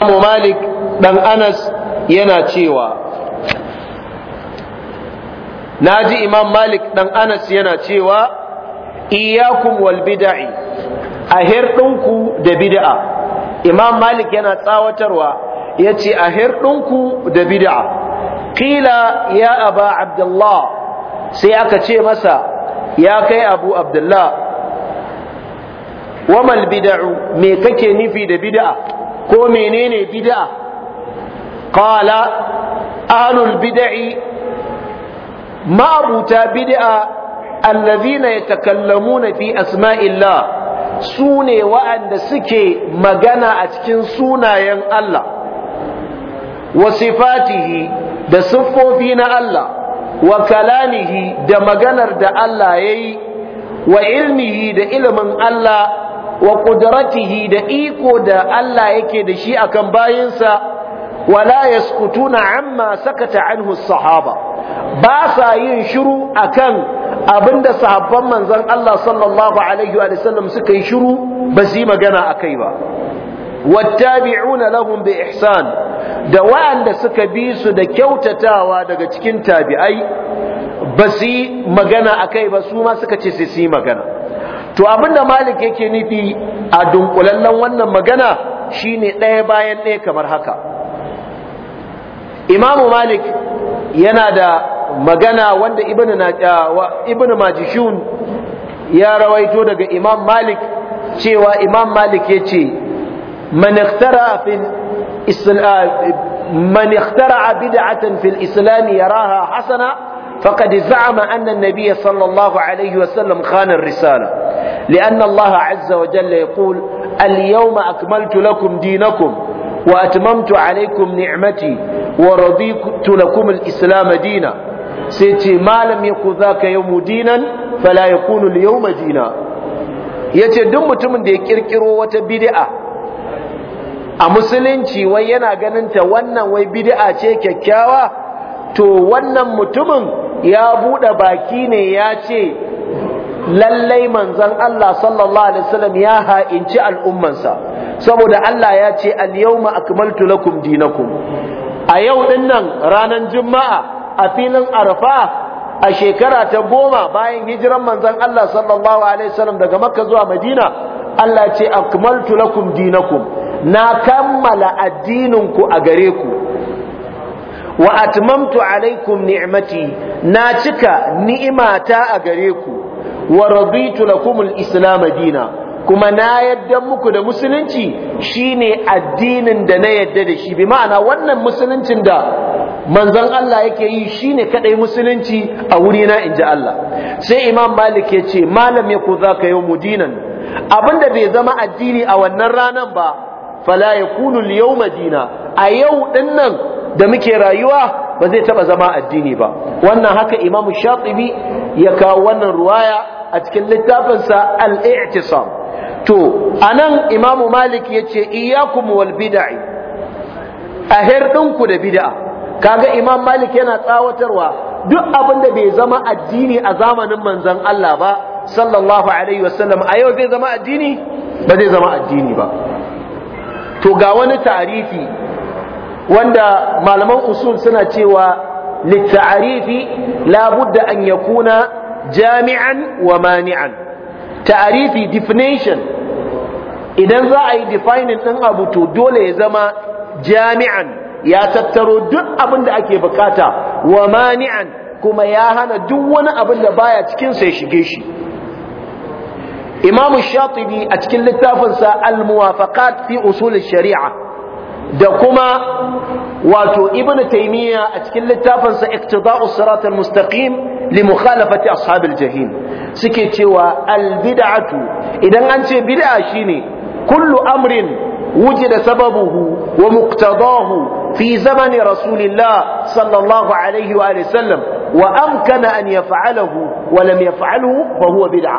Abu Malik dan Anas yana cewa Naji Imam Malik dan Anas yana cewa iyyakum wal bid'i ɗinku da bid'a Imam Malik yana tsawatarwa yace ɗinku da bid'a qila ya aba Abdullah sai aka ce masa ya kai Abu Abdullah wamal bid'u me kake nufi da bid'a ko menene bid'a qala ahlul bid'i ma'abuta bid'a alladhina yatakallamuna fi asma'illah sune wa'anda suke magana a cikin sunayen Allah wa sifatihi da siffofi na Allah wa kalamihi da maganar da Allah yayi wa ilmihi da ilimin Allah wa qudratihi da iko da Allah yake da shi akan bayinsa wala yaskutuna amma sakata anhu sahaba ba sa yin shiru akan abinda sahabban manzon Allah sallallahu alaihi wa sallam suka yi shiru ba su yi magana akai ba wattabi'una lahum bi ihsan da wa'anda suka bi su da kyautatawa daga cikin tabi'ai ba su yi magana akai ba su ma suka ce sai su yi magana to abinda malik yake nufi a dunkulallen wannan magana shine ɗaya bayan ɗaya kamar haka imamu malik yana da magana wanda ibn majishun ya rawaito daga imam malik cewa imam malik ya ce man ikhtara bid'atan fil islam yaraha hasana فقد زعم أن النبي صلى الله عليه وسلم خان الرسالة لأن الله عز وجل يقول اليوم أكملت لكم دينكم وأتممت عليكم نعمتي ورضيت لكم الإسلام دينا سيتي ما لم يكن ذاك يوم دينا فلا يكون اليوم دينا yace duk mutumin da ya kirkiro wata bid'a a musulunci wai yana ganin ta wannan wai bid'a ce kyakkyawa to wannan mutumin ya buɗe baki ne ya ce lallai manzon Allah sallallahu alaihi wasallam ya ha'inci al'ummansa saboda Allah ya ce al-yawma akmaltu lakum dinakum a yau din nan ranar juma'a a filin arfa a shekara ta goma bayan hijiran manzan Allah sallallahu alaihi wasallam daga Makka zuwa Madina Allah ce akmaltu lakum dinakum na kammala addinin ku a gare ku wa atmamtu alaikum ni'mati na cika ni'imata a gare ku wa raditu lakum al-islam dina kuma na yadda muku da musulunci shine addinin da na yadda da shi bi ma'ana wannan musuluncin da manzon Allah yake yi shine kadai musulunci a wuri na inji Allah sai Imam Malik ya ce malam ya ku zaka yau mudinan abinda bai zama addini a wannan ranan ba fala yakunu al-yawma dina a yau dinnan da muke rayuwa ba zai taba zama addini ba wannan haka imam shatibi ya kawo wannan ruwaya a cikin littafinsa al-i'tisam to anan imam malik yace iyyakum wal bid'ah ahir dinku da bid'a kaga imam malik yana tsawatarwa duk abin da bai zama addini a zamanin manzon Allah ba sallallahu alaihi wasallam a yau zai zama addini ba zai zama addini ba to ga wani tarihi wanda malaman usul suna cewa littarifi labudda an kuna jami'an wa mani'an ta'arifi definition idan za a yi defining ɗin abu to dole ya zama jami'an ya tattaro duk abin da ake bukata wa mani'an kuma ya hana duk wani abin da baya cikin sai shige shi imamu shatibi a cikin littafinsa al-muwafaqat fi usul shari'a da kuma wato ibnu taymiya a cikin littafin sa iqtida'u sirat mustaqim li mukhalafati ashabil jahim suke cewa al-bid'atu idan an ce bid'a shine kullu amrin wujida sababuhu wa muqtadahu fi zamani rasulillah sallallahu alaihi wa alihi sallam wa amkana an yaf'alahu wa lam yaf'alahu fa huwa bid'a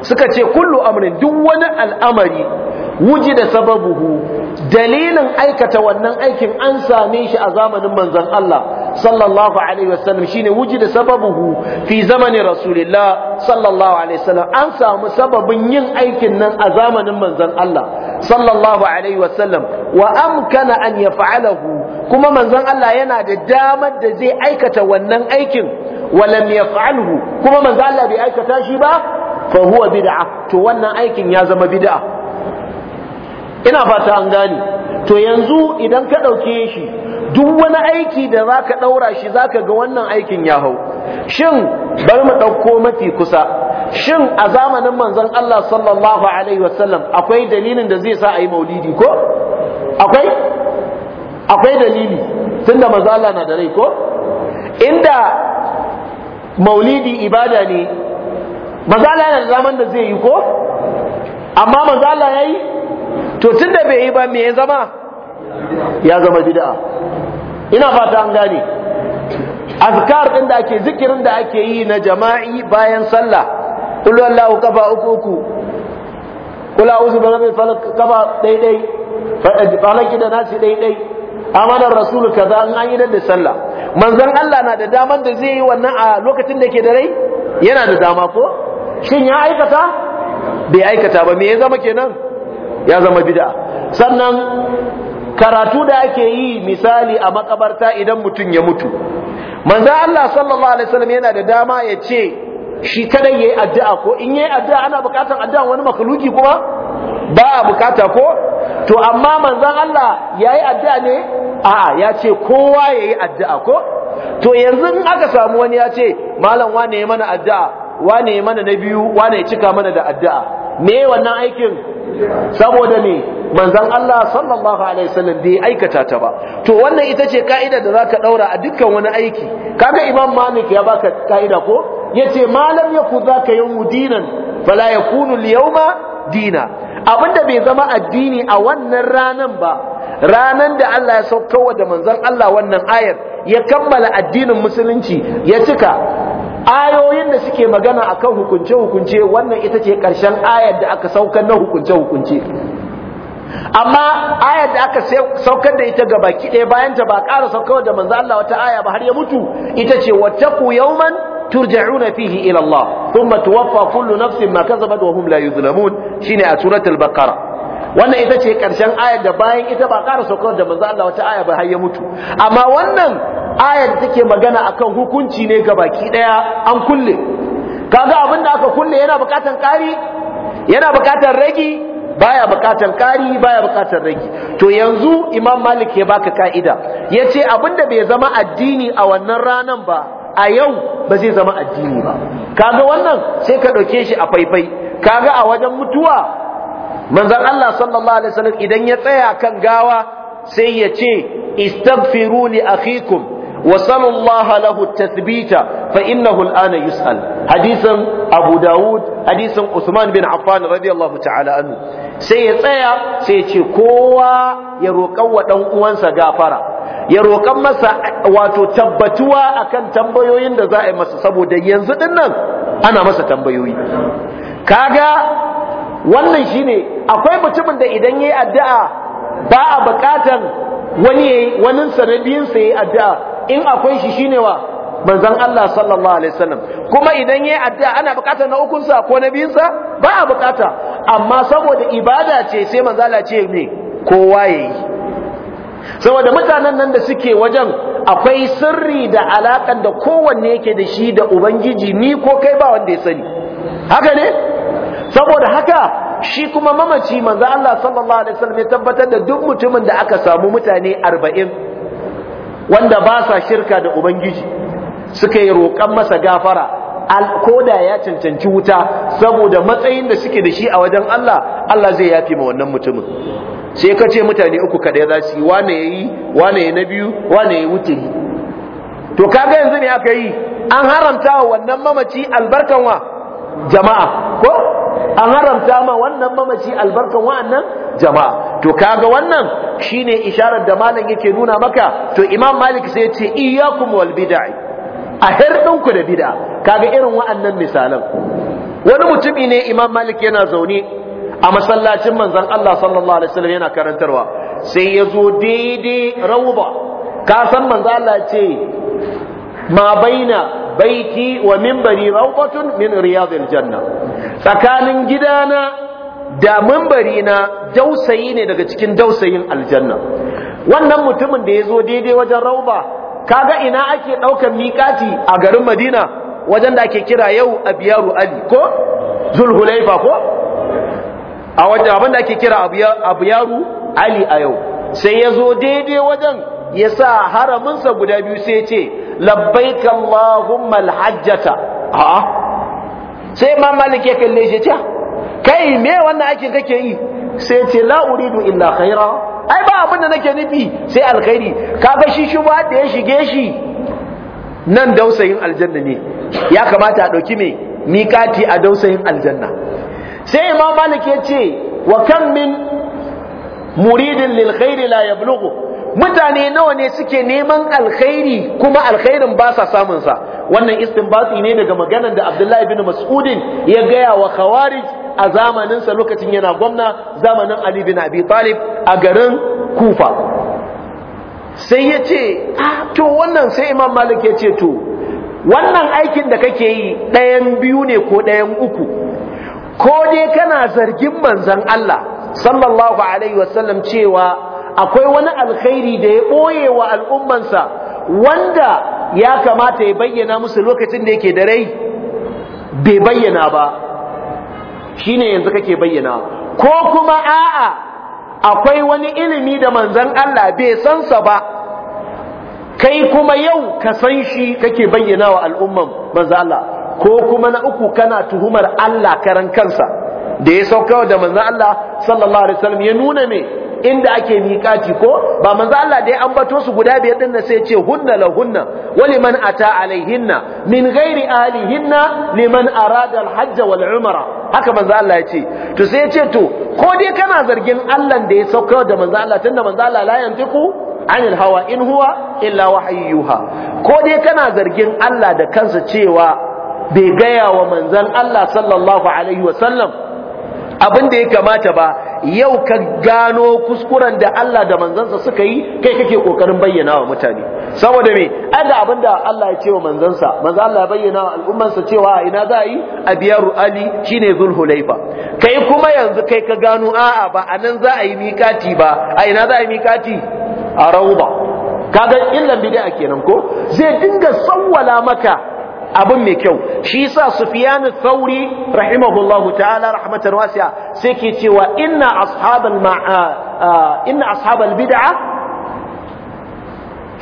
suka ce kullu amrin duk wani al'amari Wuji da sababuhu dalilin aikata wannan aikin an same shi a zamanin manzon Allah sallallahu alaihi wasallam shine da sababuhu fi zamani rasulillah sallallahu alaihi wasallam an samu sababin yin aikin nan a zamanin manzon Allah sallallahu alaihi wasallam wa amkana an yaf'alahu kuma manzon Allah yana da damar da zai aikata wannan aikin walam yaf'alhu kuma manzon Allah bai aikata shi ba fa huwa bid'a to wannan aikin ya zama bid'a ina fata an gane to yanzu idan ka ɗauke shi duk wani aiki da za ka ɗaura shi za ka ga wannan aikin ya hau shin bar mu ɗauko mafi kusa shin a zamanin manzon Allah sallallahu alaihi wasallam akwai dalilin da zai sa a yi maulidi ko akwai akwai dalili tunda manzon Allah na da rai ko inda maulidi ibada ne manzon Allah da zaman da zai yi ko amma manzon Allah yayi to tun da bai yi ba me ya zama ya zama bid'a ina fata an gane azkar din da ake zikirin da ake yi na jama'i bayan sallah kullu allahu kafa uku uku kula uzu ba rabbil falak kafa dai dai falaki da nasi dai dai amanar rasul kaza an an yi da sallah manzon Allah na da daman da zai yi wannan a lokacin da ke da rai yana da dama ko shin ya aikata bai aikata ba me ya zama kenan ya zama bid'a sannan karatu da ake yi misali a makabarta idan mutum ya mutu manzo Allah sallallahu alaihi wasallam yana da dama ya ce shi kadai yayi addu'a ko in yayi addu'a ana bukatar addu'a wani makhluki kuma ba a bukata ko to amma manzon Allah yayi addu'a ne a ya ce kowa yayi addu'a ko to yanzu in aka samu wani ya ce malam wane mana addu'a wane mana na biyu wane ya cika mana da addu'a me wannan aikin saboda ne, manzan Allah sallallahu alaihi wasallam bai aikata ta ba to wannan ita ce ka'ida da zaka daura a dukkan wani aiki kaga imam malik ya baka ka'ida ko yace malam ya yaku zaka yau dinan fala yakunu al dina abinda bai zama addini a wannan ranan ba ranan da Allah ya wa da manzan Allah wannan ayar ya kammala addinin musulunci ya cika ayoyin da suke magana akan hukunce hukunce wannan ita ce karshen ayar da aka saukar na hukunce hukunce amma ayar da aka saukar da ita ga baki ɗaya bayan ta ba ƙara saukar da manzo Allah wata aya ba har ya mutu ita ce wattaqu yawman turja'una fihi ila Allah thumma tuwaffa kullu nafsin ma kasabat wa hum la yuzlamun shine a suratul baqara wannan ita ce karshen ayar da bayan ita ba ƙara saukar da manzo Allah wata aya ba har ya mutu amma wannan ayar da take magana akan hukunci ne ga baki daya an kulle kaga abin da aka kulle yana buƙatar ƙari yana buƙatar ragi baya buƙatar ƙari baya buƙatar ragi to yanzu imam malik ya baka ka'ida yace abin da bai zama addini a wannan ranan ba a yau ba zai zama addini ba kaga wannan sai ka ɗauke shi a faifai kaga a wajen mutuwa manzon Allah sallallahu alaihi wasallam idan ya tsaya kan gawa sai ya ce istaghfiru li akhikum wa sallallahu lahu tathbita fa innahu al'ana yus'al hadisin Abu Dawud hadisin Usman bin Affan radiyallahu ta'ala anhu sai ya tsaya sai ya ce kowa ya roƙan wa dan uwansa gafara ya roƙan masa wato tabbatuwa akan tambayoyin da za a yi masa saboda yanzu din nan ana masa tambayoyi kaga wannan shine akwai mutumin da idan yayi addu'a ba a buƙatar wani yayi wani sanabin sa yayi addu'a in akwai shi shine wa manzon Allah sallallahu alaihi wasallam kuma idan yayi addu'a ana buƙatar na ukun ko na biyun sa ba a buƙata amma saboda ibada ce sai maza Allah ce ne kowa yayi saboda mutanen nan da suke wajen akwai sirri da alaƙar da kowanne yake da shi da Ubangiji ni ko kai ba wanda ya sani haka ne saboda haka shi kuma mamaci manzo Allah sallallahu alaihi wasallam ya tabbatar da duk mutumin da aka samu mutane 40 wanda ba sa shirka da ubangiji suka yi roƙan masa gafara koda ya cancanci wuta saboda matsayin da suke da shi a wajen Allah Allah zai yafi ma wannan mutumin sai ka ce mutane uku kada za su yi wane yayi wane ya na biyu wane ya wuce to kaga yanzu ne aka yi an haramta wa wannan mamaci albarkan wa jama'a ko an haramta ma wannan mamaci albarkan wa'annan jama'a to kaga wannan shine isharar da malam yake nuna maka to imam malik sai ya ce iyyakum wal bid'a a hirdinku da bid'a kaga irin wa'annan misalan wani mutumi ne imam malik yana zaune a masallacin manzon Allah sallallahu alaihi wasallam yana karantarwa sai ya zo daidai rauba ka san Allah ce ma baina baiti wa minbari rawqatun min riyadil janna tsakanin gidana da minbari na dausayi ne daga cikin dausayin aljanna wannan mutumin da yazo daidai wajen rauba kaga ina ake daukar miqati a garin Madina wajen da ake kira yau Abiyaru Ali ko Zulhulaifa ko a wajen abin ake kira Abiyaru Ali a yau sai yazo daidai wajen ya sa haraminsa guda biyu sai ce labbaik Allahumma alhajjata a sai ma malik ya kalle shi ta kai me wannan aikin kake yi sai ce la uridu illa khaira ai ba abin da nake nufi sai alkhairi kaga shi ba da ya shige shi nan dausayin aljanna ne ya kamata a dauki me miƙati a dausayin aljanna sai imam malik ya ce wa kan min muridin lil khairi la yablughu mutane nawa ne suke neman alkhairi kuma alkhairin ba sa samun sa wannan istinbati ne daga maganar da Abdullahi bin Mas'udin ya gaya wa Khawarij a zamanin sa lokacin yana gwamna zamanin Ali ibn Abi Talib a garin Kufa sai ya ce ah to wannan sai Imam Malik ya ce to wannan aikin da kake yi ɗayan biyu ne ko ɗayan uku ko dai kana zargin manzon Allah sallallahu alaihi wasallam cewa akwai wani alkhairi da ya ɓoye wa al'ummansa wanda ya kamata ya bayyana musu lokacin da yake da rai bai bayyana ba shine yanzu kake bayyana ko kuma a'a akwai wani ilimi da manzon Allah bai sansa ba kai kuma yau ka san shi kake bayyana wa al'umman manzon Allah ko kuma na uku kana tuhumar Allah karan kansa da ya sauka da manzon Allah sallallahu alaihi wasallam ya nuna me inda ake miƙati ko ba manzo Allah da ya ambato su guda biyar din sai ce hunna wali man ata alaihinna min ghairi alihinna liman arada alhajj wal umra haka manzo Allah ya ce to sai ya ce to ko dai kana zargin Allah da ya saukar da manzo Allah tunda manzo Allah la yantiku anil hawa in huwa illa wahayyuha ko dai kana zargin Allah da kansa cewa bai gaya wa manzon Allah sallallahu alaihi sallam. abin da ya kamata ba yau ka gano kuskuren da Allah da manzansa suka yi kai kake kokarin bayyana wa mutane saboda me an da abin da Allah ya ce wa manzansa manzo Allah ya bayyana wa al'ummansa cewa ina za a yi a biyaru ali shine zulhulaifa kai kuma yanzu kai ka gano a'a ba anan za a yi mikati ba a ina za a yi mikati a rauba kaga illan bid'a kenan ko zai dinga sawwala maka abin mai kyau shi sa sufiyanu al rahimahullahu ta'ala rahmatan wasi'a sai ke cewa inna ashabal inna ashabal bid'a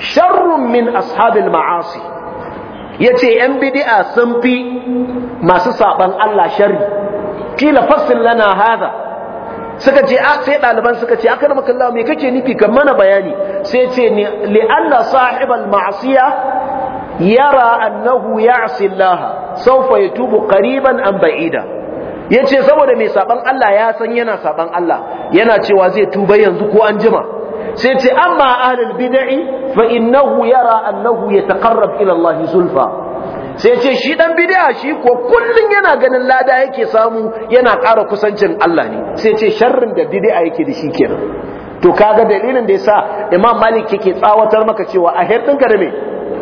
sharrun min ashabil ma'asi yace yan bid'a sun fi masu saban Allah sharri kila fassil lana hada suka ce a sai ɗaliban suka ce aka maka me kake nufi kan mana bayani sai ce ni li sahibal ma'asiya yara annahu ya'si Allah sawfa yatubu qariban am ba'ida yace saboda mai saban Allah ya san yana saban Allah yana cewa zai tuba yanzu ko an jima sai ce amma ahlul bid'i fa innahu yara annahu yataqarrab ila Allah zulfa sai ce shi dan bid'a shi ko kullun yana ganin lada yake samu yana ƙara kusancin Allah ne sai ce sharrin da bid'a yake da shi kenan to kaga dalilin da yasa Imam Malik yake tsawatar maka cewa a hirdin ka da me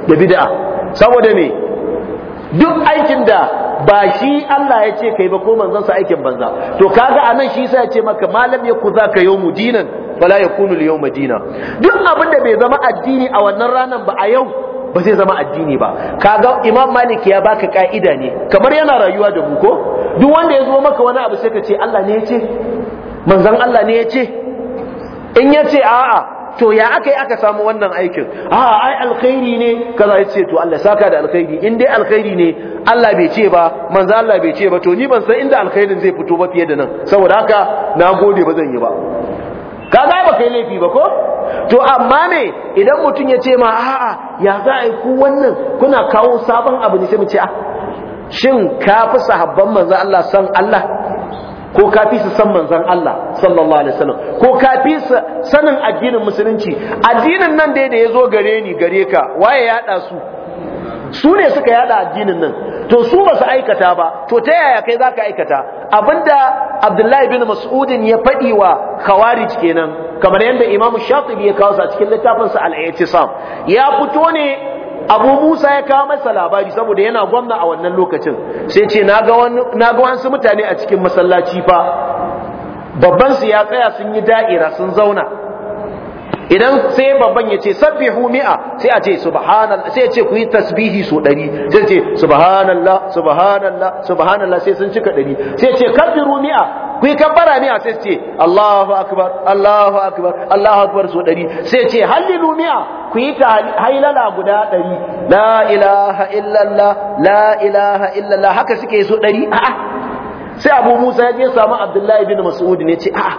da bid'a saboda me duk aikin da ba shi Allah ya ce kai ba ko manzon sa aikin banza to kaga anan shi yasa ya ce maka malam ya ku zaka yawmu dinan fala yakunu al yawma dina duk abin da bai zama addini a wannan ranan ba a yau ba zai zama addini ba kaga imam malik ya baka ka'ida ne kamar yana rayuwa da mu ko duk wanda ya zo maka wani abu sai ka ce Allah ne ya ce manzon Allah ne ya ce in ya ce a'a to ya aka yi aka samu wannan aikin a ai alkhairi ne kaza ya ce to Allah saka da alkhairi in dai alkhairi ne Allah bai ce ba manzo Allah bai ce ba to ni ban san inda alkhairin zai fito ba fiye da nan saboda haka na gode ba zan yi ba kaza ba kai laifi ba ko to amma me idan mutum ya ce ma a'a ya za a yi ku wannan kuna kawo sabon abu ne sai mu ce a ah, shin ka fi sahabban manzo Allah san Allah ko ka su san manzon Allah sallallahu alaihi wasallam ko ka su sanin addinin musulunci addinin nan dai da yazo gare ni gare ka waye ya da su su ne suka yada addinin nan to su ba su aikata ba to ta yaya kai zaka aikata abinda Abdullahi bin Mas'udin ya faɗi wa Khawarij kenan kamar yadda Imam Shatibi ya kawo sa cikin littafin sa Al-I'tisam ya fito ne abu musa ya kawo masa labari saboda yana gwamna a wannan lokacin sai ce na ga wasu mutane a cikin masallaci fa babban su ya tsaya sun yi da'ira sun zauna idan sai babban ya ce sabbihu mi'a sai a ce subhanallah sai ya ce ku yi tasbihi so ɗari sai ce subhanallah subhanallah subhanallah sai sun cika ɗari sai ce kabbiru mi'a Kuyi yi kabbara miya sai ce Allahu akbar Allahu akbar Allahu akbar so dari sai ce hallilu mi'a ku yi ta guda dari la ilaha illallah la ilaha illallah haka suke so dari a'a sai Abu Musa ya je samu Abdullahi bin Mas'ud ne ce a'a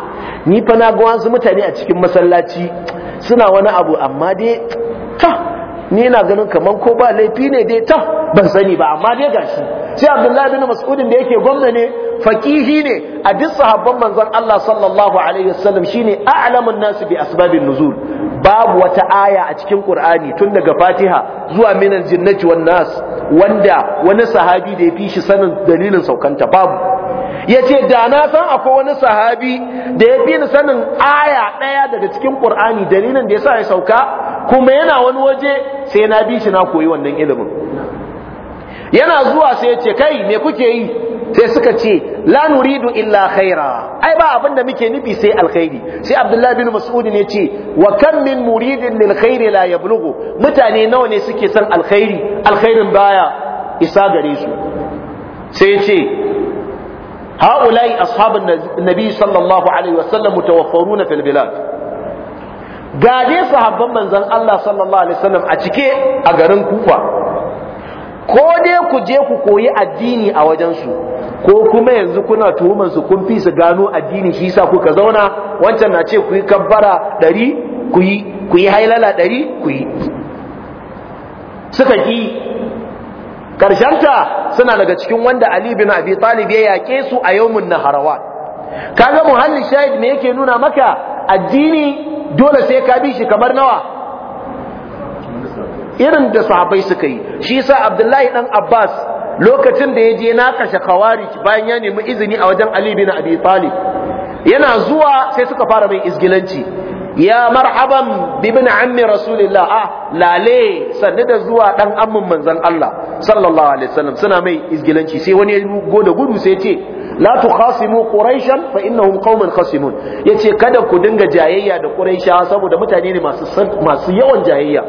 ni fa na ga wasu mutane a cikin masallaci suna wani abu amma dai ta ni ina ganin kaman ko ba laifi ne dai ta ban sani ba amma dai gashi sai Abdullahi bin Mas'ud da yake gwamna ne faqihi ne a duk sahabban manzon Allah sallallahu alaihi wasallam shine a'lamun nasu bi asbabin nuzul babu wata aya a cikin Qur'ani tun daga Fatiha zuwa minal jinnati wan nas wanda wani sahabi da ya fi shi sanin dalilin saukanta babu yace da na san akwai wani sahabi da ya fi ni sanin aya daya daga cikin Qur'ani dalilin da yasa ya sauka kuma yana wani waje sai na bi shi na koyi wannan ilimin yana zuwa sai ya ce kai me kuke yi sai suka ce la nuridu illa khaira ai ba abin da muke nufi sai alkhairi sai abdullahi bin mas'ud ne ce wa kam min muridin lil khairi la yablughu mutane nawa ne suke son alkhairi alkhairin baya isa gare su sai ya ce haulai ashabun nabi sallallahu alaihi wasallam mutawaffaruna fil bilad gaje sahabban manzon Allah sallallahu alaihi wasallam a cike a garin Kufa ko dai ku je ku koyi addini a wajensu ko kuma yanzu kuna tuhumar su kun fi su gano addini shi yasa kuka zauna wancan na ce ku yi kabbara ɗari ku yi ku yi hailala ɗari ku yi suka ki karshenta suna daga cikin wanda Ali bin Abi Talib ya yake su a yawmun Ka kaga muhallin shahid me yake nuna maka addini dole sai ka bi shi kamar nawa irin da sahabbai suka yi shi yasa abdullahi dan abbas lokacin da ya je na kashe kawari bayan ya nemi izini a wajen ali bin abi talib yana zuwa sai suka fara mai izgilanci ya marhaban bibin ammi rasulillah ah lale sannu da zuwa dan ammin manzon Allah sallallahu alaihi wasallam suna mai izgilanci sai wani ya go da gudu sai ce la tukhasimu quraishan fa innahum qauman khasimun ce kada ku dinga jayayya da quraisha saboda mutane ne masu yawan jayayya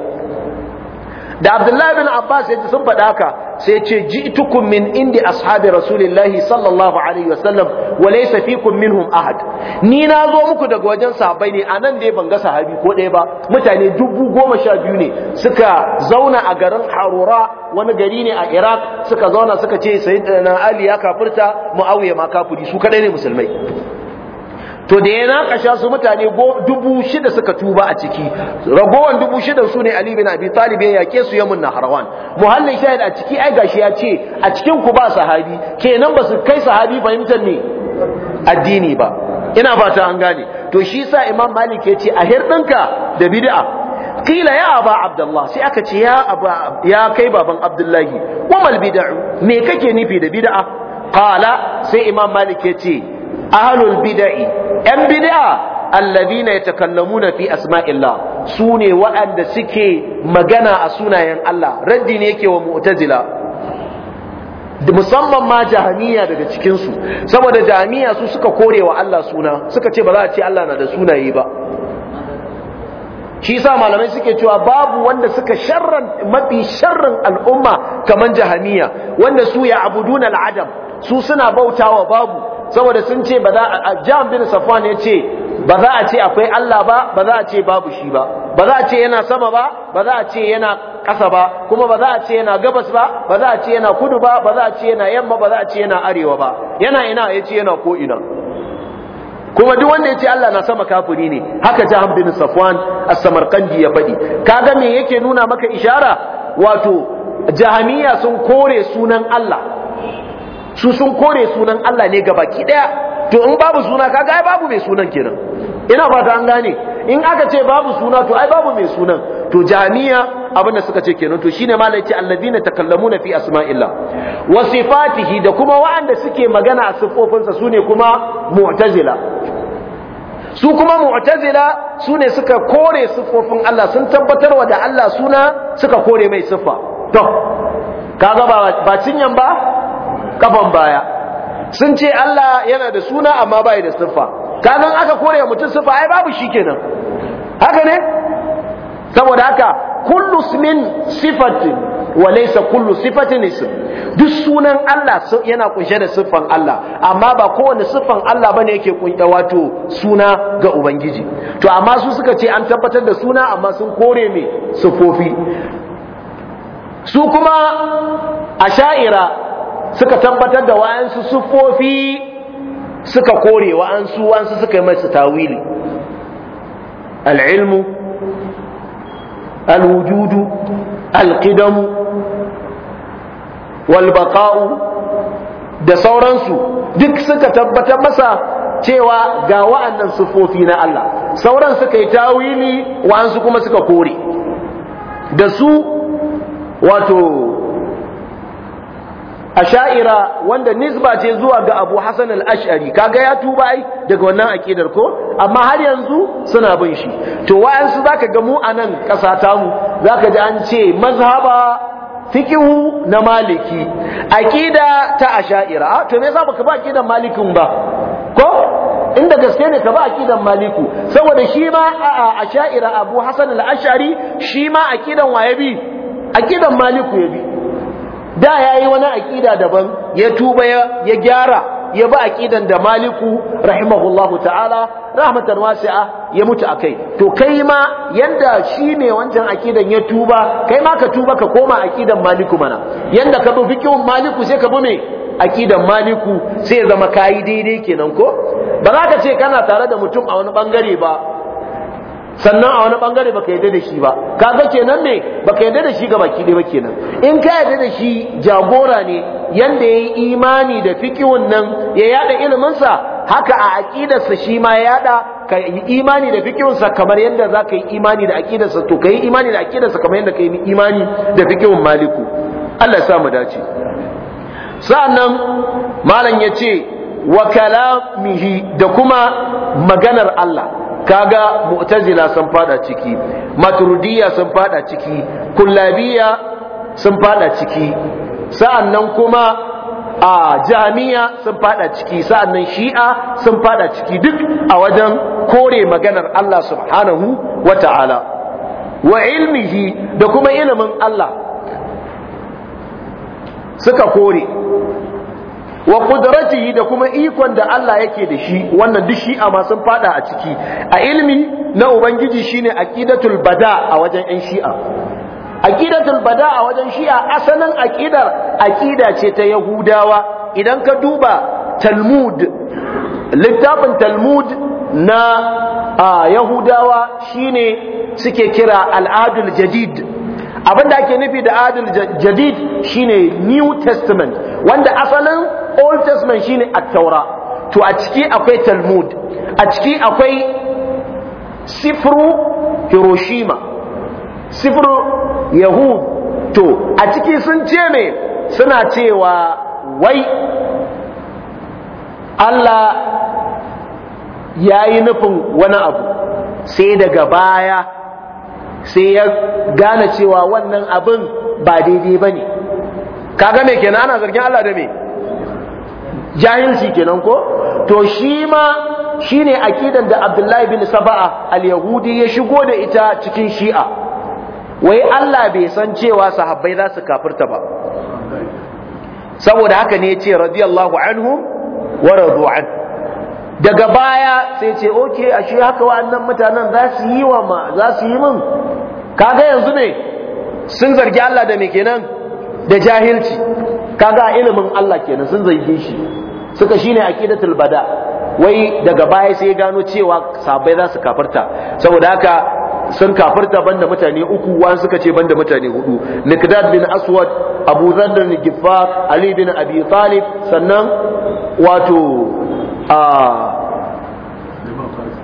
da abdullahi bin abbas ya sun faɗa haka sai ce ji'tukum min indi ashabi rasulillahi sallallahu alaihi wasallam wa laysa fikum minhum ahad ni na zo muku daga wajen sahabbai ne anan dai ban ga sahabi ko ɗaya ba mutane dubu goma sha biyu ne suka zauna a garin harura wani gari ne a iraq suka zauna suka ce sayyidina ali ya kafirta muawiya ma kafiri su kadai ne musulmai to da ya kasha su mutane dubu shida suka tuba a ciki ragowan dubu shida su ne Ali bin Abi Talib ya yake su yamun Nahrawan muhallin shahid a ciki ai gashi ya ce a cikin ku ba sahabi kenan ba su kai sahabi fahimtar ne addini ba ina fata an gane to shi sa Imam Malik ya ce a hirɗinka da bid'a qila ya aba abdullah sai aka ce ya aba ya kai baban abdullahi wamal bid'u me kake nufi da bid'a qala sai imam malik ya ce ahlul bid'i yan bid'a alladhina yatakallamuna fi asma'illah sune waɗanda suke magana a sunayen Allah raddi ne yake wa mu'tazila musamman ma jahamiya daga cikinsu saboda jami'a su suka kore wa Allah suna suka ce ba za a ce Allah na da sunaye ba shi sa malamai suke cewa babu wanda suka sharran mafi sharrin al'umma kaman jahamiya wanda su ya abuduna al'adam su suna bautawa babu saboda sun ce ba za a Jam bin Safwan ya ce ba za a ce akwai Allah ba ba za a ce babu shi ba ba za a ce yana sama ba ba za a ce yana ƙasa ba kuma ba za a ce yana gabas ba ba za a ce yana kudu ba ba za a ce yana yamma ba za a ce yana arewa ba yana ina ya ce yana ko ina kuma duk wanda ya ce Allah na sama kafiri ne haka Jaham bin Safwan as-Samarqandi ya faɗi kaga me yake nuna maka ishara wato jahamiya sun kore sunan Allah su sun kore sunan Allah ne ga baki daya to in babu suna kaga ai babu mai sunan kenan ina fata an gane in aka ce babu suna to ai babu mai sunan to jami'a abin da suka ce kenan to shine malai ce alladina takallamuna fi asma'illah wa sifatihi da kuma wa'anda suke magana a sifofinsa sune kuma mu'tazila su kuma mu'tazila sune suka kore sifofin Allah sun tabbatarwa da Allah suna suka kore mai siffa to kaga ba ba cinyan ba kafan baya sun ce Allah yana da suna amma bai da siffa kanan aka kore mutum siffa ai babu shi kenan haka ne saboda haka kullu ismin sifatin wa laysa kullu sifatin ism duk sunan Allah yana kunshe da siffan Allah amma ba kowanne siffan Allah bane yake kunta wato suna ga ubangiji to amma su suka ce an tabbatar da suna amma sun kore me sufofi su kuma asha'ira suka tabbatar da wa'ansu siffofi suka kore wa'ansu wa'ansu suka yi masu tawili al'ilmu alwujudu alqidamu walbaka'u da sauransu duk suka tabbatar masa cewa ga wa'annan siffofi na Allah sauran suka yi tawili wa'ansu kuma suka kore da su wato asha'ira wanda nisba ce zuwa ga Abu Hassan al-Ash'ari kaga ya tuba ai daga wannan akidar ko amma har yanzu suna bin shi to wa'ansu zaka ga mu anan kasa ta mu zaka ji an ce mazhaba fiqhu na maliki akida ta asha'ira ah, to me yasa baka ba akidan malikin ba ko inda gaske ne ka ba akidan maliku saboda shi ma a asha'ira Abu Hassan al-Ash'ari shi ma akidan waye bi akidan maliku ya bi da ya yi wani aƙida daban ya tuba ya gyara ya ba aƙidan da Maliku rahimahullahu ta'ala rahmatar wasi'a ya mutu a kai. to kai ma yanda shi ne wancan aƙidan ya tuba kai ma ka tuba ka koma aƙidan Maliku mana yanda ka bi Maliku sai ka bi mai aƙidan Maliku sai ya zama kayi daidai kenan ko ba za ka ce kana tare da mutum a wani bangare ba sannan a wani bangare baka yadda da shi ba kaga kenan ne baka yarda da shi ga baki ɗaya ba kenan in ka yarda da shi jagora ne yanda yayi imani da fiqhun nan ya yada ilimin sa haka a sa shi ma ya yada ka yi imani da fiqhun sa kamar yanda zaka yi imani da sa to kai imani da sa kamar yanda kai imani da fiqhun maliku Allah ya sa mu dace sa'annan malam yace wa kalamihi da kuma maganar Allah kaga mu'tazila sun fada ciki maturidiyya sun fada ciki kullabiyya sun fada ciki sa'annan kuma a jami'a sun fada ciki sa'annan shi'a sun fada ciki duk a wajen kore maganar Allah subhanahu wata'ala wa ilmihi da kuma ilimin Allah suka kore wa da kuma ikon da Allah yake da shi wannan duk shi amma sun fada a ciki a ilmi na ubangiji shine aqidatul bada a wajen yan shi'a aqidatul bada a wajen shi'a asalin aqidar aqida ce ta yahudawa idan ka duba talmud littafin talmud na yahudawa shine suke kira al'adul jadid abinda ake nufi da adul jadid shine new testament wanda asalin old testament shine at-taura to a ciki akwai talmud a ciki akwai sifru hiroshima sifru yahud to a ciki sun ce me suna cewa wai Allah ya yi nufin wani abu sai daga baya sai ya gane cewa wannan abin ba daidai ba ne kaga me kenan ana zargin Allah da me jahilci kenan ko to shi ma shine akidan da Abdullahi bin Saba'a al-Yahudi ya shigo da ita cikin Shi'a wai Allah bai san cewa sahabbai za su kafirta ba saboda haka ne ya ce radiyallahu anhu wa radu an daga baya sai ce okay ashe haka wa'annan mutanen za su yi wa ma za su yi min kaga yanzu ne sun zargi Allah da me kenan da jahilci kaga ilimin Allah kenan sun zarge shi suka shine aqidatul bada wai daga baya sai gano cewa sabai za su kafirta saboda haka sun kafirta banda mutane uku wa suka ce banda mutane hudu Nikdad bin Aswad Abu Dharr bin gifar Ali bin Abi Talib sannan wato a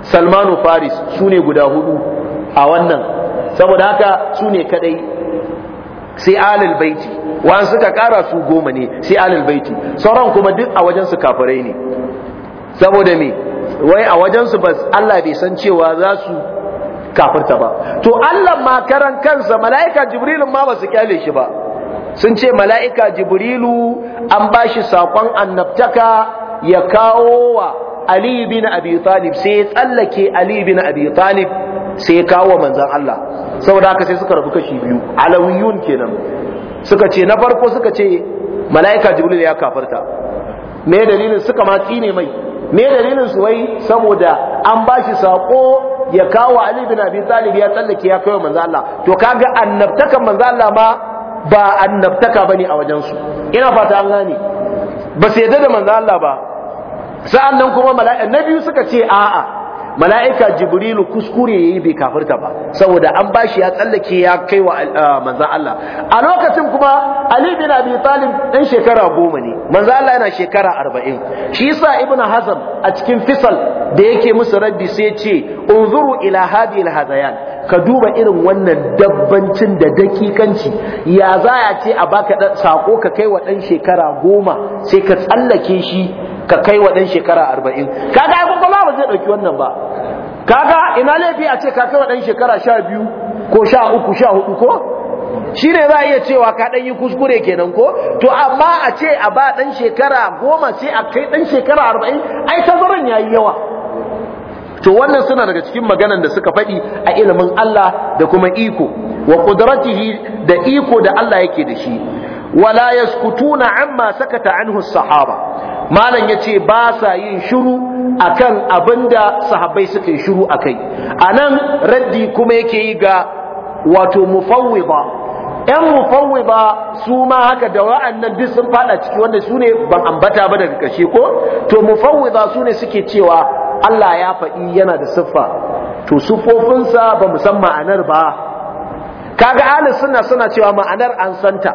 Salmanu Faris su ne guda hudu a wannan saboda haka su ne kadai sai alal baiti wa suka kara su goma ne sai alal baiti sauran kuma duk a wajen su kafirai ne saboda me wai a wajen su Allah bai san cewa za su kafirta ba to Allah ma karan kansa mala'ika jibrilun ma ba su kyale shi ba sun ce mala'ika jibrilu an bashi saƙon annabtaka ya kawo wa Ali bin Abi Talib sai ya tsallake Ali bin Abi Talib sai ya kawo manzon Allah saboda haka sai suka rabu kashi biyu alawiyun kenan suka ce na farko suka ce mala'ika jibril ya kafarta me dalilin suka ma tsine mai me dalilin su wai saboda an bashi sako ya kawo Ali bin Abi Talib ya tsallake ya kawo manzon Allah to kaga annabtakan manzon Allah ma ba annabtaka bane a wajen su ina fata an gane ba su yadda da manzon Allah ba sa'an nan kuma mala'ika na biyu suka ce a'a mala'ika jibrilu kuskure yayi bai kafirta ba saboda an ba shi ya tsallake ya kai wa eh, manzan Allah a lokacin kuma Ali bin Abi Talib dan shekara goma ne manzan Allah yana shekara arba'in shi sa Ibn Hazm a cikin Fisal da yake musu rabbi sai ce unzuru ila hadi Hazayan, ka duba irin wannan dabbancin da dakikanci ya za ya ce a baka sako ka kai wa dan shekara goma sai ka tsallake shi ka kai wa dan shekara arba'in kaga ai kuma ba zai ɗauki wannan ba kaga ina laifi a ce ka kai wa dan shekara sha biyu ko sha uku sha hudu ko shi ne za a iya cewa ka ɗan yi kuskure kenan ko to amma a ce a ba ɗan shekara goma sai a kai ɗan shekara arba'in ai tazaran ya yi yawa to wannan suna daga cikin maganan da suka faɗi a ilimin Allah da kuma iko wa da iko da Allah yake da shi wala yaskutuna amma sakata anhu sahaba malam yace ba sa yin shiru akan abinda sahabbai suka yi shiru akai anan raddi kuma yake yi ga wato mufawwida ‘yan mufawwida su ma haka da wa'annan duk sun fada ciki wanda su ne ban ambata ba daga ƙarshe ko to mufawwida sune su ne suke cewa Allah ya faɗi yana da siffa to siffofinsa ba mu san ma'anar ba kaga ahli sunna suna cewa ma'anar an santa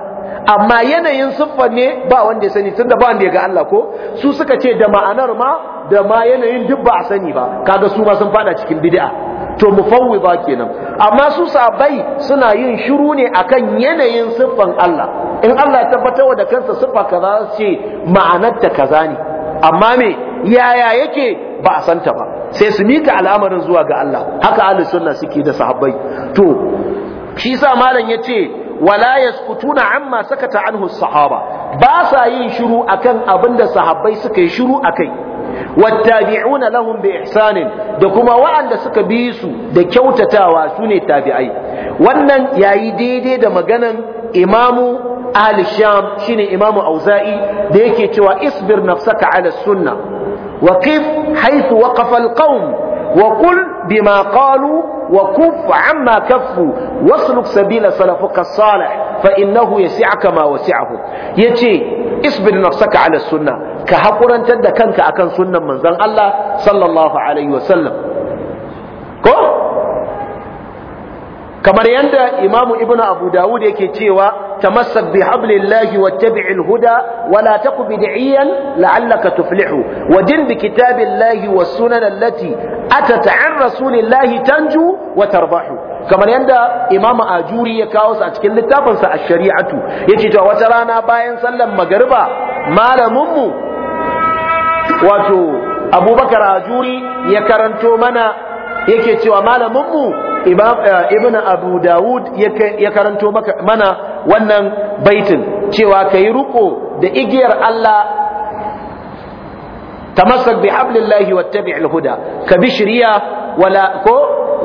amma yanayin siffa ne ba wanda ya sani tunda ba wanda ya ga Allah ko su suka ce da ma'anar ma da ma yanayin duk ba a sani ba kaga su ma sun fada cikin bid'a to mufawwida kenan amma su sabai suna yin shiru ne akan yanayin siffan Allah in Allah ya tabbatar da kansa siffa kaza ce ma'anar ta kaza ne amma me yaya yake ba a santa ba sai su mika al'amarin zuwa ga Allah haka ahlus sunna suke da sahabbai to shi sa malam yace wala yaskutuna amma sakata anhu sahaba ba sa yin shiru akan abinda sahabbai suka yi shiru akai wattabi'una lahum bi ihsanin da kuma wa'anda suka bi su da kyautatawa sune tabi'ai wannan yayi daidai da maganan imamu Ali sham shine imamu auza'i da yake cewa isbir nafsaka ala sunna wa qif haythu waqafa alqawm wa qul bima qalu wa kuf amma kaffu wasluk sabila salafuka salih fa innahu yasi'uka ma wasi'ahu yace isbir nafsaka ala sunna ka haƙurantar da kanka akan sunnan manzon Allah sallallahu alaihi wasallam ko kamar yadda imamu ibn abu dawud yake cewa tamassak bi hablillahi wattabi'il huda wa la taqu wa din bi kitabillahi was sunan allati atat rasulillahi tanju wa tarbahu kamar yadda imam ajuri ya kawo su a cikin littafinsa a shari'atu ya ce cewa wata rana bayan sallar magariba malaminmu wato abubakar ajuri ya karanto mana yake cewa mu? Eh, ibn abu dawud ya karanto mana wannan baitin cewa ka yi da igiyar Allah tamassak bi hablillahi wattabi'il huda ka bi shirya wala ko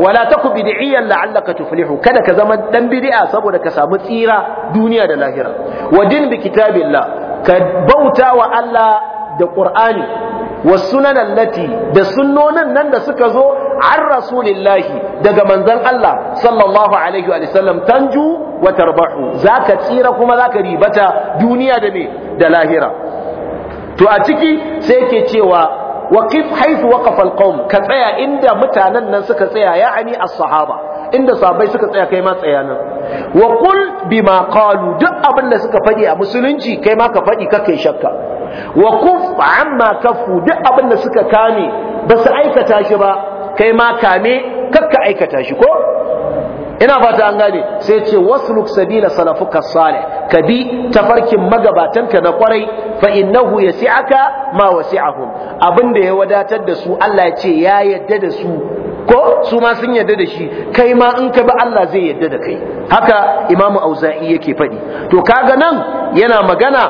wala taku bid'iyan la'allaka tuflihu kada ka zama dan bid'a saboda ka samu tsira duniya da lahira wa din bi kitabillah ka bauta wa Allah da ƙur'ani was sunan da sunnonin nan da suka zo an rasulillahi daga manzon Allah sallallahu alaihi wa tanju wa tarbahu zaka tsira kuma zaka ribata duniya da me da lahira to a ciki sai ke cewa waqif haythu waqafa alqawm ka tsaya inda mutanen nan suka tsaya ya'ani as-sahaba inda sabai suka tsaya kai ma tsaya nan wa qul bima qalu duk abin da suka faɗi a musulunci kai ma ka faɗi kake shakka wa kuf amma kafu duk abin da suka kame ba su aikata shi ba kai ma kame kakka aikata shi ko ina fata an gane sai ce wasluk sabila salafuka salih ka bi tafarkin magabatanka na kwarai fa innahu yasi'aka ma wasi'ahum da ya wadatar da su Allah ya ce ya yadda da su ko su ma sun yarda da shi kai ma in ka bi Allah zai yarda da kai haka imamu auza'i yake faɗi to kaga nan yana magana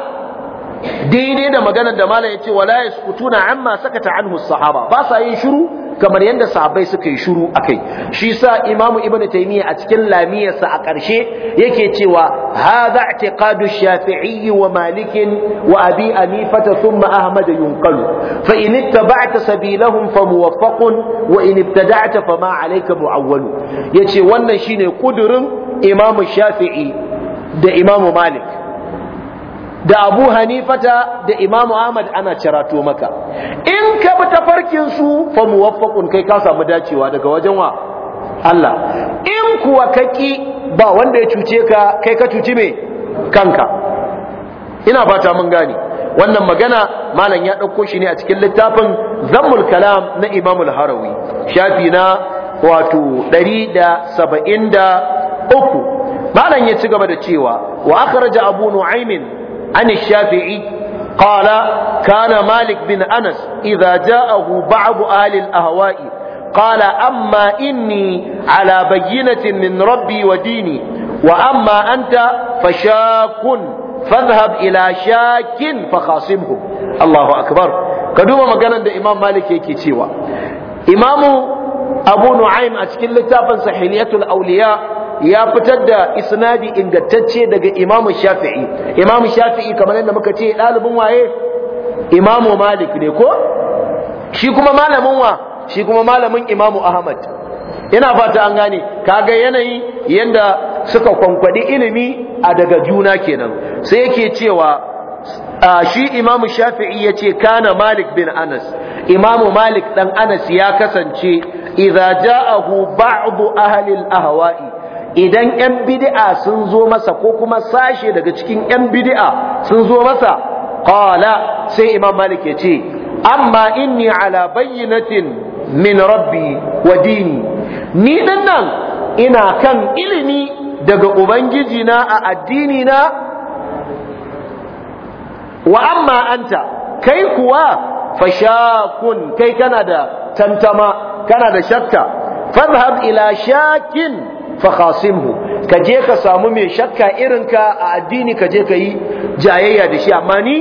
daidai da maganar da malam ya ce wala yasqutuna amma sakata anhu sahaba ba sa yin shiru kamar yadda sahabbai suka yi shuru kai. shi sa imamu ibn taymiya a cikin lamiyarsa a ƙarshe yake cewa hadha i'tiqadu shafi'i wa malikin wa abi anifata thumma ahmad yunqalu fa in ittaba'ta sabilahum fa muwaffaqun wa in ibtada'ta fa ma alayka mu'awwalu yace wannan shine kudurin imamu shafi'i da imamu malik da abu hanifata da imamu ahmad ana cirato maka in ka bi ta farkin su fa muwaffaqun kai ka samu dacewa daga wajen wa Allah in kuwa kaki ba wanda ya cuce ka kai ka cuci me kanka ina fata mun gane wannan magana malam ya ɗauko shi ne a cikin littafin zammul kalam na al harawi shafi na wato ɗari da saba'in da uku malam ya ci gaba da cewa wa akhraja abu nu'aymin عن الشافعي قال كان مالك بن أنس إذا جاءه بعض أهل الأهواء قال أما إني على بينة من ربي وديني وأما أنت فشاك فاذهب إلى شاك فخاصمه الله أكبر كدوما مقالا دا إمام مالك يكي تيوى إمام أبو نعيم أتكلم لتافا سحلية الأولياء ya fitar da isnadi ingantacce daga Imam Shafi'i Imam Shafi'i kamar yadda muka ce dalibin waye Imam Malik ne ko shi kuma malamin wa shi kuma malamin Imam Ahmad ina fata an gane kaga yanayi yanda suka kwankwadi ilimi a daga juna kenan sai yake cewa shi Imam Shafi'i yace kana Malik bin Anas Imam Malik dan Anas ya kasance idza ja'ahu ba'd ahli al-ahwa'i idan ‘yan bidi'a sun zo masa ko kuma sashe daga cikin ‘yan bidi'a sun zo masa ƙala sai imam malik ya ce amma inni ala bayyinatin min rabbi wa dini ni nan nan ina kan ilimi daga ubangiji na a addini na wa amma anta kai kuwa fashakun kai kana da tantama kana da shakka fadhhab ila shakin fakhasimhu ka je ka samu mai shakka irin ka a addini kaje je ka yi jayayya da shi amma ni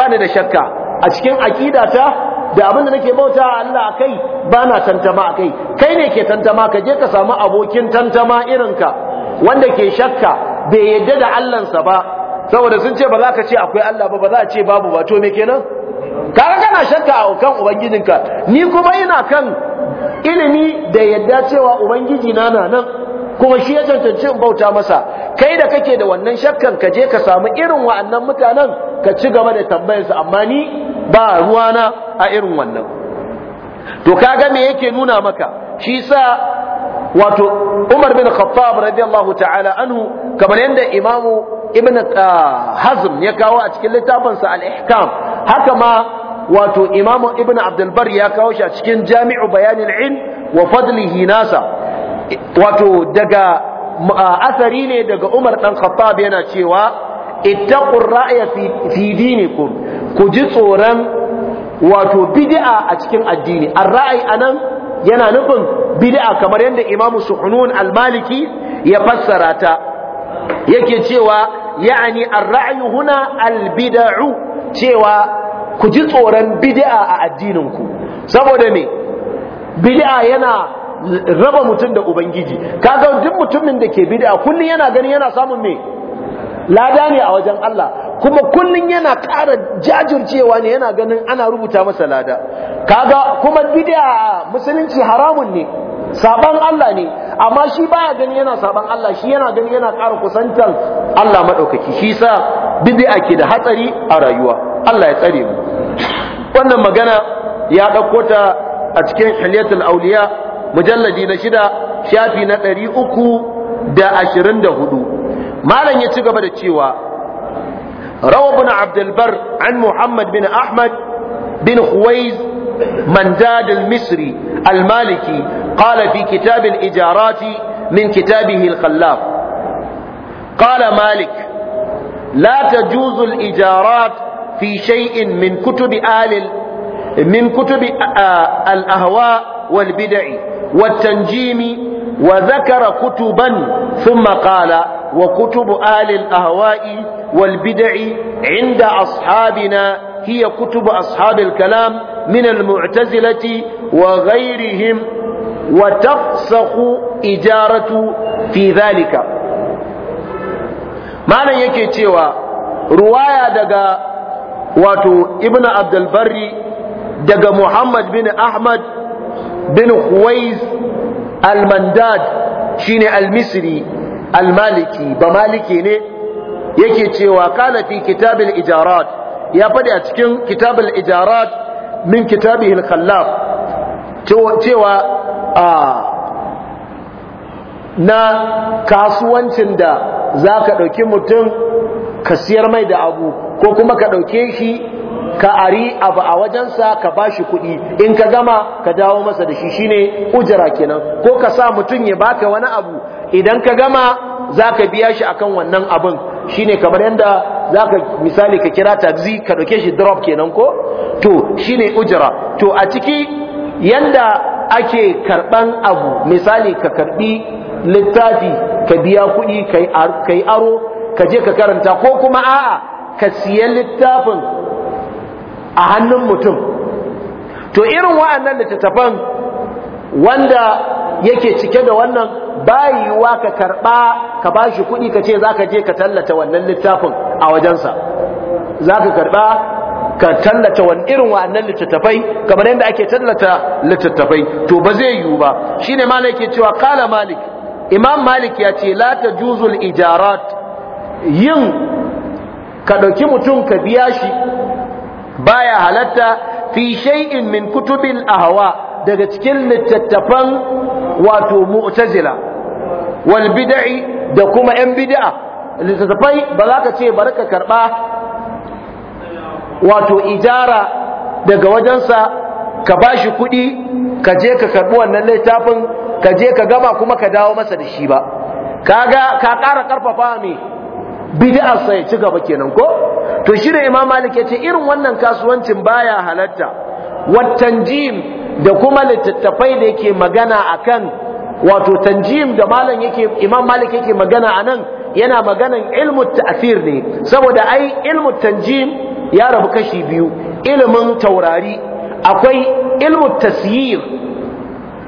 bani da shakka a cikin ta da abin da nake bauta Allah a kai ba na tantama a kai ne ke tantama kaje ka samu abokin tantama irin ka wanda ke shakka bai yadda da Allahnsa ba saboda sun ce ba za ka ce akwai Allah ba ba za a ce babu ba to me kenan kaga kana shakka a kan ubangijinka ni kuma ina kan ilimi da yadda cewa ubangiji na na nan kuma shi ya cancanci in bauta masa kai da kake da wannan shakkan ka je ka samu irin wa'annan mutanen ka ci gaba da tambayarsu amma ni ba na a irin wannan to kaga me yake nuna maka shi sa wato Umar bin Khattab radiyallahu ta'ala anhu kamar yadda Imam Ibn ah, Hazm ya kawo a cikin littafinsa Al-Ihkam haka ma wato imamu ibn abdulbar ya kawo shi a cikin jami'u bayanin ilm wa fadlihi nasa wato daga asari ne daga umar dan khattab yana cewa ittaqur ra'ya fi dinikum ku ji tsoron wato bid'a a cikin addini ar-ra'ayi anan yana nufin bid'a kamar yadda imamu suhunun al-maliki ya fassara ta yake cewa ya'ani ar-ra'yu huna al-bid'u cewa ku ji tsoron bidi'a a addininku saboda me bid'a yana raba mutum da ubangiji kaga duk mutumin da ke bid'a kullun yana gani yana samun me lada ne a wajen Allah kuma kullun yana ƙara jajircewa ne yana ganin ana rubuta masa lada kaga kuma bid'a musulunci haramun ne saban Allah ne amma shi baya gani yana saban Allah shi yana gani yana ƙara kusantar Allah maɗaukaki shi sa bid'a ke da hatsari a rayuwa Allah ya tsare mu wannan magana ya ɗauko ta a cikin hilyatul auliya mujalladi na shida shafi na ɗari uku da ashirin da hudu malam ya ci gaba da cewa rawa bin abdulbar an muhammad bin ahmad bin huwais mandad misri al-maliki kala fi kitab al-ijarati min kitabihi al kala malik la tajuzu ijarat في شيء من كتب آل من كتب الأهواء والبدع والتنجيم وذكر كتبا ثم قال وكتب آل الأهواء والبدع عند أصحابنا هي كتب أصحاب الكلام من المعتزلة وغيرهم وتفسخ إجارة في ذلك معنى يكي تيوى رواية دقاء wato ibn abdulbari daga muhammad bin ahmad bin huwais al-mandad shine al-misri al-maliki ba maliki ne yake cewa kana fi kitab ijarat ya fadi a cikin kitab ijarat min kitabihi al-khallaf cewa a na kasuwancin da zaka dauki mutum ka siyar mai da abu ko kuma ka ɗauke shi ka ari abu a wajensa ka ba shi kuɗi in ka gama ka dawo masa da shi shi ne ujira kenan ko ka sa mutum ya baka wani abu idan ka gama za ka biya shi akan wannan abin Shi ne kamar yadda za ka misali ka kira taxi ka ɗauke shi drop kenan ko to shi ne ujira to a ciki yadda ake karban abu misali ka karɓi littafi ka biya kuɗi ka yi aro ka je ka karanta ko kuma a'a ka siya littafin a hannun mutum to irin wa'annan littattafan wanda yake cike da wannan bayiwa ka karɓa ka bashi kuɗi ka ce ka je ka tallata wannan littafin a wajensa ka karɓa ka tallata wani irin wa'annan littattafai kamar yadda ake tallata littattafai to ba zai yiwu ba shine ne ke cewa "Kala malik imam malik ya ce la juzul ijarat yin ka ɗauki mutum ka biya shi baya halatta fi shay'in min kutubil ahwa daga cikin littattafan wato mu'tazila wal bid'i da kuma yan bid'a littattafai ba za ka ce bari ka karba wato ijara daga wajensa ka bashi kuɗi ka je ka karbi wannan littafin ka je ka gama kuma ka dawo masa da shi ba kaga ka ƙara ƙarfafa me bid'a sai ci gaba kenan ko to shi da imam malik yace irin wannan kasuwancin baya halatta wa tanjim da kuma littattafai da yake magana akan wato tanjim da malam yake imam malik yake magana anan yana maganan ilmu ta'sir ne saboda ai ilmu tanjim ya rabu kashi biyu ilmin taurari akwai ilmu tasyir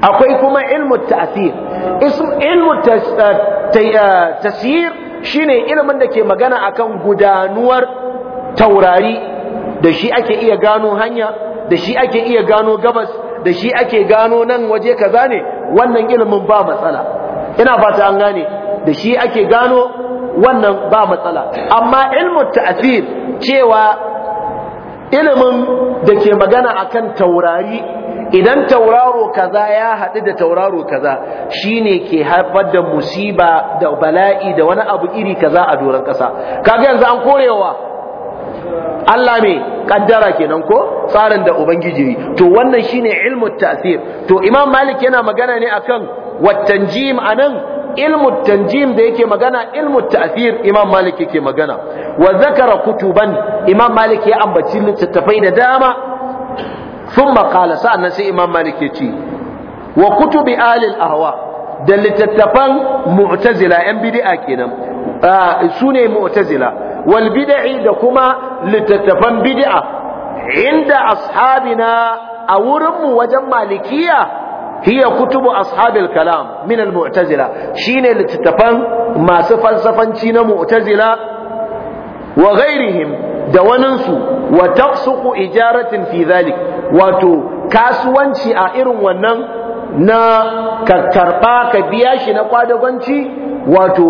akwai kuma ilmu ta'sir ism ilmu tasyir eh, eh, shine ilimin da ke magana akan gudanuwar taurari da shi ake iya gano hanya da shi ake iya gano gabas da shi ake gano nan waje kaza ne wannan ilimin ba matsala ina fata an gane da shi ake gano wannan ba matsala amma ilmin ta'asir cewa ilimin da ke magana akan taurari idan tauraro kaza ya haɗu da tauraro kaza shine ke haifar da musiba da bala'i da wani abu iri kaza a doron ƙasa kaga yanzu an korewa Allah mai kaddara kenan ko tsarin da ubangiji to wannan shine ilmu ta'sir to imam malik yana magana ne akan watanjim anan ilmu tanjim da yake magana ilmu ta'sir imam malik yake magana wa zakara kutuban imam malik ya ambaci littattafai da dama sun makala sa'annan sai imam malik ya wa kutubi alil ahwa da littattafan mu'tazila yan bid'a kenan sune ne mu'tazila wal bid'i da kuma littattafan bid'a inda ashabina a wurinmu wajen malikiya hiya kutubu ashabil kalam min al mu'tazila shine littattafan masu falsafanci na mu'tazila wa ghairihim da waninsu wa taqsuqu ijaratin fi zalik wato kasuwanci a irin wannan na ka karɓa ka biya shi na kwadagonci wato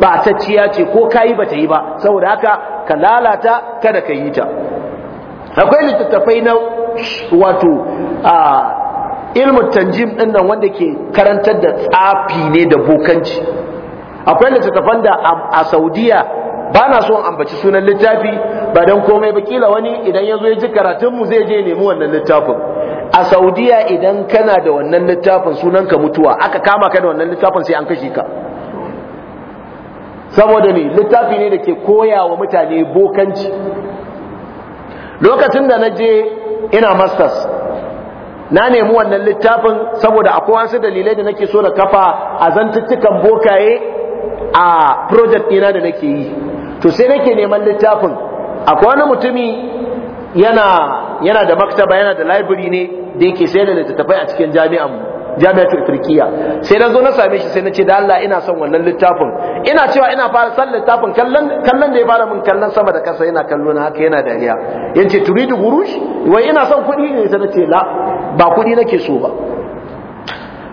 ba ta ciya ce ko kayi ba ta yi ba saboda haka ka lalata kada ka yi ta akwai littattafai na wato a ilmin tanjim din nan wanda ke karantar da tsafi ne da bokanci akwai littattafan da a saudiya ba na so ambaci sunan littafi ba don komai ba kila wani idan ya zo ya ji karatun mu zai je nemi wannan littafin a Saudiya idan kana da wannan littafin sunanka mutuwa aka kama ka da wannan littafin sai an kashe ka saboda ne littafi ne da ke koya wa mutane bokanci lokacin da na je ina masters na nemi wannan littafin saboda akwai wasu dalilai da nake so na kafa a zantuttukan bokaye a project ɗina da nake yi to sai nake neman littafin akwai wani mutumi yana yana da maktaba yana da library ne da yake sayar da littattafai a cikin jami'an mu ta turkiya sai na zo na same shi sai na ce da Allah ina son wannan littafin ina cewa ina fara san littafin kallon kallon da ya fara min kallon sama da kasa yana kallo na haka yana dariya yace turidu gurush wai ina son kudi ne sai na ce la ba kudi nake so ba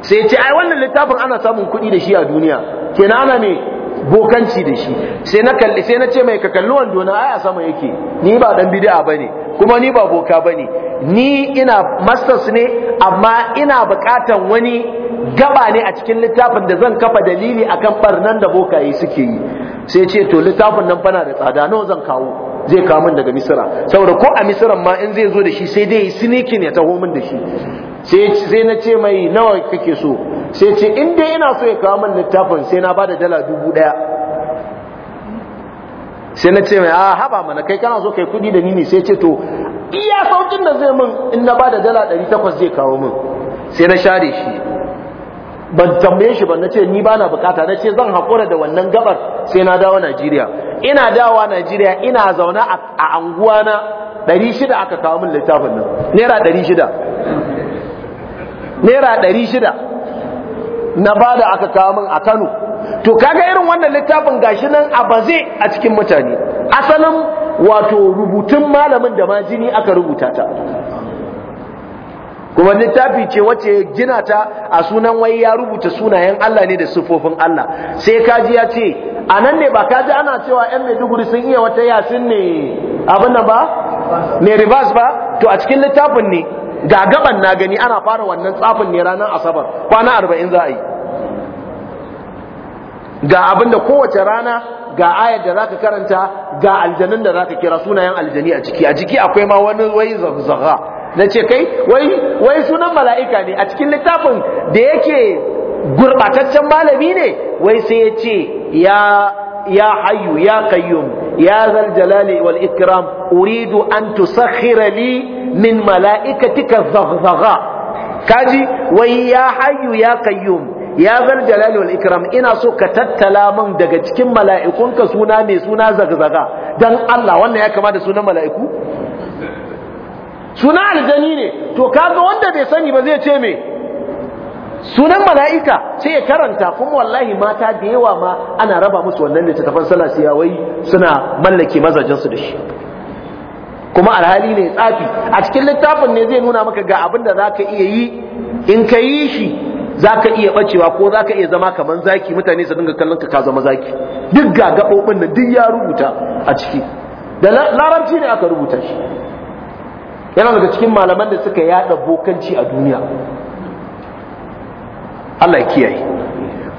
sai ya ce ai wannan littafin ana samun kudi da shi a duniya kenan ana me bokanci da shi sai na kalli sai na ce mai ka kalli wando na aya sama yake ni ba dan bid'a bane kuma ni ba boka bane ni ina masters ne amma ina bukatan wani gaba ne a cikin littafin da zan kafa dalili akan barnan da bokaye suke yi sai ce to littafin nan fana da tsada nawa zan kawo zai kawo min daga misira saboda ko a misiran ma in zai zo da shi sai dai sinikin ya taho min da shi sai na ce mai nawa kake so sai ce in dai ina so ya kawo min littafin sai na bada dala dubu daya sai na ce mai a ah, haba mana kai kana so kai kudi da ni ne sai ce to iya saukin da zai min in na bada dala ɗari takwas zai kawo min sai na share shi ban tambaye shi ba nace ni bana bukata nace zan hakura da wannan gabar sai na dawo Najeriya ina dawo Najeriya ina zaune a anguwa na 600 aka kawo min littafin nan naira 600 naira 600 na bada aka kawo min a Kano to kaga irin wannan littafin gashi nan a baze a cikin mutane asalin wato rubutun malamin da ma jini aka rubuta ta kuma littafi ce wacce gina ta a sunan wai ya rubuta sunayen Allah ne da siffofin Allah sai kaji ya ce a nan ne ba kaji ana cewa yan maiduguri sun iya wata yasin ne abin nan ba ne ribas ba to a cikin littafin ne ga gaban na gani ana fara wannan tsafin ne ranar asabar kwana arba'in za a yi ga abin da kowace rana ga ayar da zaka karanta ga aljanun da zaka kira sunayen aljani a ciki a ciki akwai ma wani wai zagzaga na ce kai wai wai sunan mala'ika ne a cikin littafin da yake gurbataccen malami ne wai sai ya ce ya ya hayyu ya qayyum ya zal jalali wal ikram uridu an tusakhira li min mala'ikatika zaghzagha kaji wai ya hayyu ya qayyum ya zal jalali wal ikram ina so ka tattala min daga cikin mala'ikunka suna mai suna zagzaga dan Allah wannan ya kama da sunan mala'iku suna aljani ne to kaga wanda bai sani ba zai ce me sunan mala'ika sai ya karanta kun wallahi mata da yawa ma ana raba musu wannan littattafan sallah wai suna mallake mazajensu da shi kuma alhali ne tsafi a cikin littafin ne zai nuna maka ga abin da za iya yi in ka yi shi zaka iya bacewa ko zaka iya zama kaman zaki mutane su dinga kallon ka ka zama zaki duk ga gaɓoɓin da duk ya rubuta a ciki da larabci ne aka rubuta shi yana daga cikin malaman da suka yada bokanci a duniya Allah ya kiyaye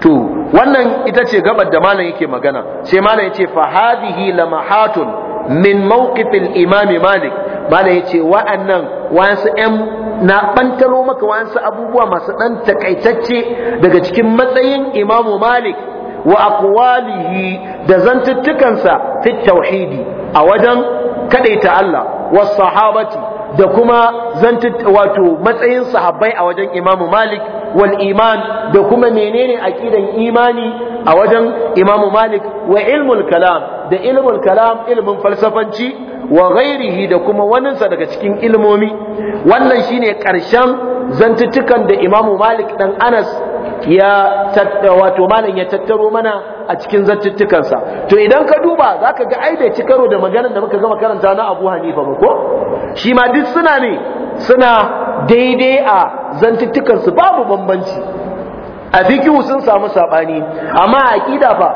to wannan ita ce gabar da malam yake magana sai malam yace fa hadhihi lamahatun min mawqif al-imam malik malam yace wa'annan wasu ƴan na ɓantaro maka waansu abubuwa masu ɗan takaitacce daga cikin matsayin imamu malik wa aqwalihi da zantuttukansa fi tauhidi a wajen kadaita Allah was sahabati da kuma wato matsayin sahabbai a wajen Imam Malik wal iman da kuma menene aqidan imani a wajen Imam Malik wa ilmul kalam da ilmul kalam ilmin falsafanci wa ghairihi da kuma waninsa daga cikin ilmomi wannan shine karshen zantuttukan da Imam Malik dan Anas ya wato malam ya tattaro mana a cikin zattuttukansa to idan ka duba za ka ga aidaici ci karo da maganar da muka gama karanta na abu hanifa ba ko shi ma duk suna ne suna daidai a zantuttukansu babu bambanci a fikihu sun samu saɓani amma a aƙida fa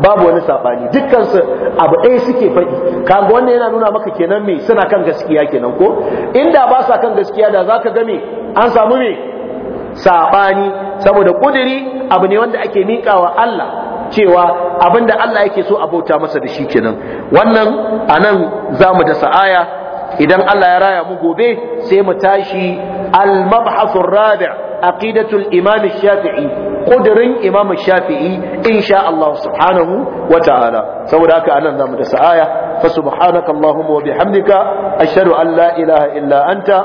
babu wani saɓani dukkansu abu ɗaya suke faɗi kaga wannan yana nuna maka kenan me suna kan gaskiya kenan ko inda ba sa kan gaskiya da za ka ga me an samu me saɓani saboda ƙudiri abu ne wanda ake miƙawa Allah cewa abin da Allah yake so a bauta masa da shi kenan wannan a nan za mu da sa'aya idan Allah ya raya mu gobe sai mu tashi al-mabhasur rabi' aqidatul imam shafi'i ƙudirin imamin shafi'i insha Allah subhanahu wa ta'ala saboda haka anan za mu da sa'aya fa subhanaka allahumma wa bihamdika ashhadu an la illa anta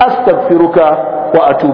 astaghfiruka wa atubu